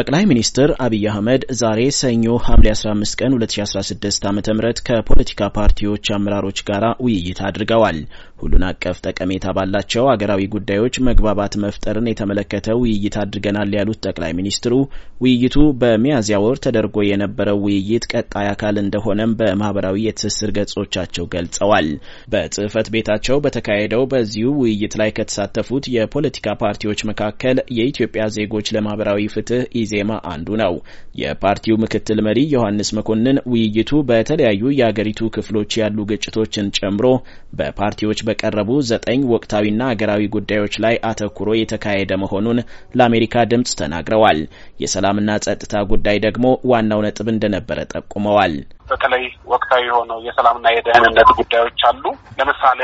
ጠቅላይ ሚኒስትር አብይ አህመድ ዛሬ ሰኞ ሐምሌ 15 ቀን 2016 ዓ ም ከፖለቲካ ፓርቲዎች አመራሮች ጋር ውይይት አድርገዋል። ሁሉን አቀፍ ጠቀሜታ ባላቸው አገራዊ ጉዳዮች መግባባት መፍጠርን የተመለከተ ውይይት አድርገናል ያሉት ጠቅላይ ሚኒስትሩ ውይይቱ በሚያዝያ ወር ተደርጎ የነበረው ውይይት ቀጣይ አካል እንደሆነም በማህበራዊ የትስስር ገጾቻቸው ገልጸዋል። በጽህፈት ቤታቸው በተካሄደው በዚሁ ውይይት ላይ ከተሳተፉት የፖለቲካ ፓርቲዎች መካከል የኢትዮጵያ ዜጎች ለማህበራዊ ፍትህ ኢዜማ አንዱ ነው። የፓርቲው ምክትል መሪ ዮሐንስ መኮንን ውይይቱ በተለያዩ የአገሪቱ ክፍሎች ያሉ ግጭቶችን ጨምሮ በፓርቲዎች በቀረቡ ዘጠኝ ወቅታዊና አገራዊ ጉዳዮች ላይ አተኩሮ የተካሄደ መሆኑን ለአሜሪካ ድምፅ ተናግረዋል። የሰላምና ጸጥታ ጉዳይ ደግሞ ዋናው ነጥብ እንደነበረ ጠቁመዋል። በተለይ ወቅታዊ የሆነው የሰላምና የደህንነት ጉዳዮች አሉ። ለምሳሌ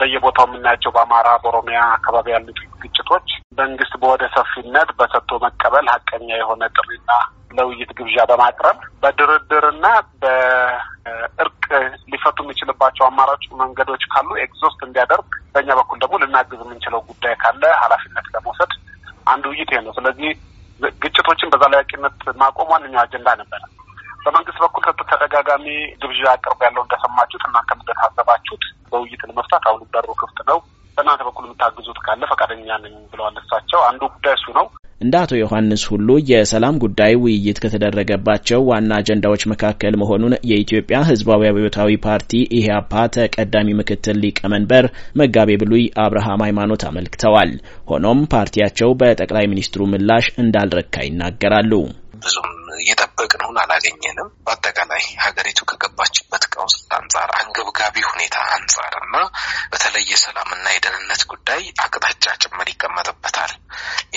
በየቦታው የምናያቸው በአማራ በኦሮሚያ አካባቢ ያሉ ግጭቶች መንግስት በወደ ሰፊነት በሰጥቶ መቀበል ሀቀኛ የሆነ ጥሪና ለውይይት ግብዣ በማቅረብ በድርድርና በእርቅ ሊፈቱ የሚችልባቸው አማራጭ መንገዶች ካሉ ኤግዞስት እንዲያደርግ፣ በእኛ በኩል ደግሞ ልናግዝ የምንችለው ጉዳይ ካለ ኃላፊነት ለመውሰድ አንድ ውይይት ነው። ስለዚህ ግጭቶችን በዘላቂነት ማቆም ዋነኛው አጀንዳ ነበረ። በመንግስት በኩል ተደጋጋሚ ግብዣ አቅርብ ያለው እንደሰማችሁት እናንተም እንደታዘባችሁት በውይይት ለመፍታት አሁንም በሩ ክፍት ነው። በእናንተ በኩል የምታግዙት ካለ ፈቃደኛ ነኝ ብለዋል እሳቸው። አንዱ ጉዳይ እሱ ነው። እንደ አቶ ዮሐንስ ሁሉ የሰላም ጉዳይ ውይይት ከተደረገባቸው ዋና አጀንዳዎች መካከል መሆኑን የኢትዮጵያ ሕዝባዊ አብዮታዊ ፓርቲ ኢህአፓ ተቀዳሚ ምክትል ሊቀመንበር መጋቤ ብሉይ አብርሃም ሃይማኖት አመልክተዋል። ሆኖም ፓርቲያቸው በጠቅላይ ሚኒስትሩ ምላሽ እንዳልረካ ይናገራሉ። ብዙም የጠበቅነውን አላገኘንም። በአጠቃላይ ሀገሪቱ ከገባችበት ቀውስ አንጻር፣ አንገብጋቢ ሁኔታ አንጻር እና በተለይ የሰላምና የደህንነት ጉዳይ አቅጣጫ ጭምር ይቀመጥበታል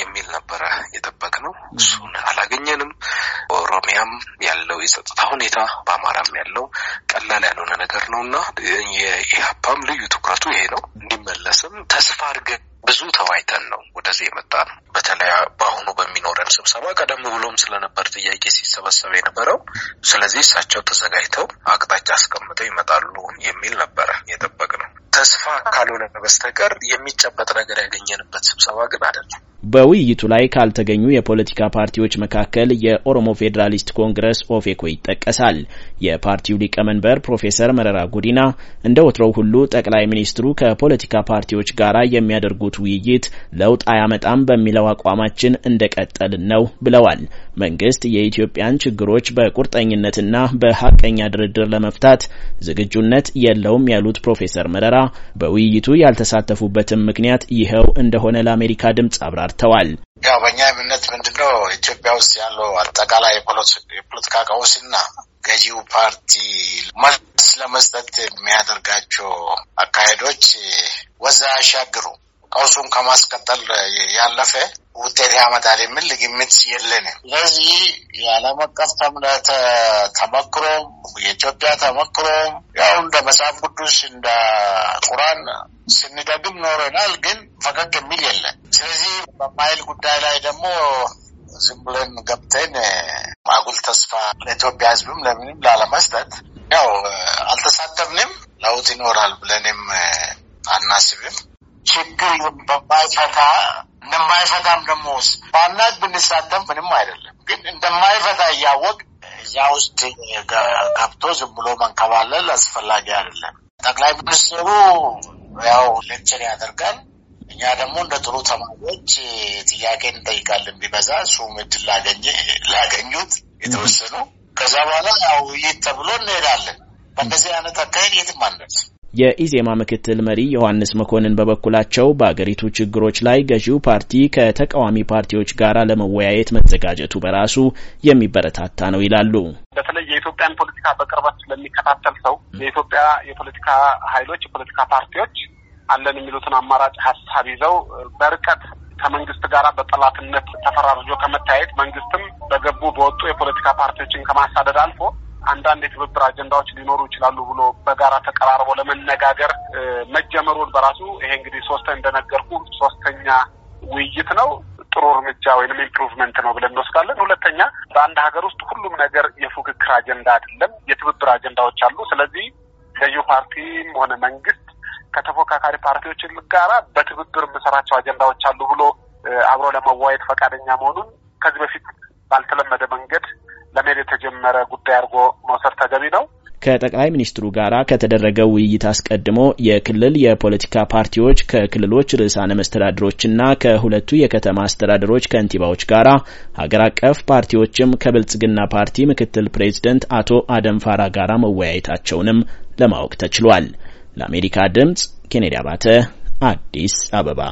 የሚል ነበረ የጠበቅነው። እሱን አላገኘንም። በኦሮሚያም ያለው የጸጥታ ሁኔታ በአማራም ያለው ቀላል ያልሆነ ነገር ነው እና የኢህአፓም ልዩ ትኩረቱ ይሄ ነው። እንዲመለስም ተስፋ አድርገን ብዙ ተዋይተን ነው ወደዚህ የመጣ ነው። በተለይ በአሁኑ በሚኖረን ስብሰባ ቀደም ብሎም ስለነበር ጥያቄ ሲሰበሰብ የነበረው። ስለዚህ እሳቸው ተዘጋጅተው አቅጣጫ አስቀምጠው ይመጣሉ የሚል ነበረ የጠበቅ ነው። ተስፋ ካልሆነ በስተቀር የሚጨበጥ ነገር ያገኘንበት ስብሰባ ግን አይደለም። በውይይቱ ላይ ካልተገኙ የፖለቲካ ፓርቲዎች መካከል የኦሮሞ ፌዴራሊስት ኮንግረስ ኦፌኮ ይጠቀሳል። የፓርቲው ሊቀመንበር ፕሮፌሰር መረራ ጉዲና እንደ ወትሮው ሁሉ ጠቅላይ ሚኒስትሩ ከፖለቲካ ፓርቲዎች ጋር የሚያደርጉት ውይይት ለውጥ አያመጣም በሚለው አቋማችን እንደቀጠልን ነው ብለዋል። መንግስት የኢትዮጵያን ችግሮች በቁርጠኝነትና በሀቀኛ ድርድር ለመፍታት ዝግጁነት የለውም ያሉት ፕሮፌሰር መረራ በውይይቱ ያልተሳተፉበትም ምክንያት ይኸው እንደሆነ ለአሜሪካ ድምፅ አብራርተዋል። አብራርተዋል። ያው በእኛ እምነት ምንድነው ኢትዮጵያ ውስጥ ያለው አጠቃላይ የፖለቲካ ቀውስና ገዢው ፓርቲ መልስ ለመስጠት የሚያደርጋቸው አካሄዶች ወዛ አያሻግሩም። ቀውሱን ከማስቀጠል ያለፈ ውጤት ያመጣል የሚል ግምት የለን ስለዚህ የዓለም አቀፍ ተምነት ተመክሮም የኢትዮጵያ ተመክሮም ያው እንደ መጽሐፍ ቅዱስ እንደ ቁራን ስንደግም ኖረናል፣ ግን ፈቀቅ የሚል የለን። ስለዚህ በማይል ጉዳይ ላይ ደግሞ ዝም ብለን ገብተን ማጉል ተስፋ ለኢትዮጵያ ሕዝብም ለምንም ላለመስጠት ያው አልተሳተፍንም። ለውጥ ይኖራል ብለንም አናስብም። ችግር በማይፈታ እንደማይፈታም ደግሞ ባናት ብንሳተም ምንም አይደለም፣ ግን እንደማይፈታ እያወቅ እዚያ ውስጥ ገብቶ ዝም ብሎ መንከባለል አስፈላጊ አይደለም። ጠቅላይ ሚኒስትሩ ያው ሌክቸር ያደርጋል። እኛ ደግሞ እንደ ጥሩ ተማሪዎች ጥያቄ እንጠይቃለን። ቢበዛ እሱም እድል ላገኙት የተወሰኑ ከዛ በኋላ ያው ውይይት ተብሎ እንሄዳለን። በእንደዚህ አይነት አካሄድ የትም አንደርስም። የኢዜማ ምክትል መሪ ዮሐንስ መኮንን በበኩላቸው በአገሪቱ ችግሮች ላይ ገዢው ፓርቲ ከተቃዋሚ ፓርቲዎች ጋር ለመወያየት መዘጋጀቱ በራሱ የሚበረታታ ነው ይላሉ። በተለይ የኢትዮጵያን ፖለቲካ በቅርበት ስለሚከታተል ሰው የኢትዮጵያ የፖለቲካ ኃይሎች፣ የፖለቲካ ፓርቲዎች አለን የሚሉትን አማራጭ ሀሳብ ይዘው በርቀት ከመንግስት ጋር በጠላትነት ተፈራርጆ ከመታየት መንግስትም በገቡ በወጡ የፖለቲካ ፓርቲዎችን ከማሳደድ አልፎ አንዳንድ የትብብር አጀንዳዎች ሊኖሩ ይችላሉ ብሎ በጋራ ተቀራርቦ ለመነጋገር መጀመሩን በራሱ ይሄ እንግዲህ ሶስተ እንደነገርኩ ሶስተኛ ውይይት ነው። ጥሩ እርምጃ ወይም ኢምፕሩቭመንት ነው ብለን እንወስዳለን። ሁለተኛ በአንድ ሀገር ውስጥ ሁሉም ነገር የፉክክር አጀንዳ አይደለም፣ የትብብር አጀንዳዎች አሉ። ስለዚህ ገዢው ፓርቲም ሆነ መንግስት ከተፎካካሪ ፓርቲዎች ጋራ በትብብር የምሰራቸው አጀንዳዎች አሉ ብሎ አብሮ ለመዋየት ፈቃደኛ መሆኑን ከዚህ በፊት ባልተለመደ መንገድ ለመሄድ የተጀመረ ጉዳይ አድርጎ መውሰድ ተገቢ ነው። ከጠቅላይ ሚኒስትሩ ጋር ከተደረገ ውይይት አስቀድሞ የክልል የፖለቲካ ፓርቲዎች ከክልሎች ርዕሳነ መስተዳድሮችና ከሁለቱ የከተማ አስተዳደሮች ከንቲባዎች ጋር ሀገር አቀፍ ፓርቲዎችም ከብልጽግና ፓርቲ ምክትል ፕሬዚደንት አቶ አደም ፋራ ጋር መወያየታቸውንም ለማወቅ ተችሏል። ለአሜሪካ ድምጽ ኬኔዲ አባተ አዲስ አበባ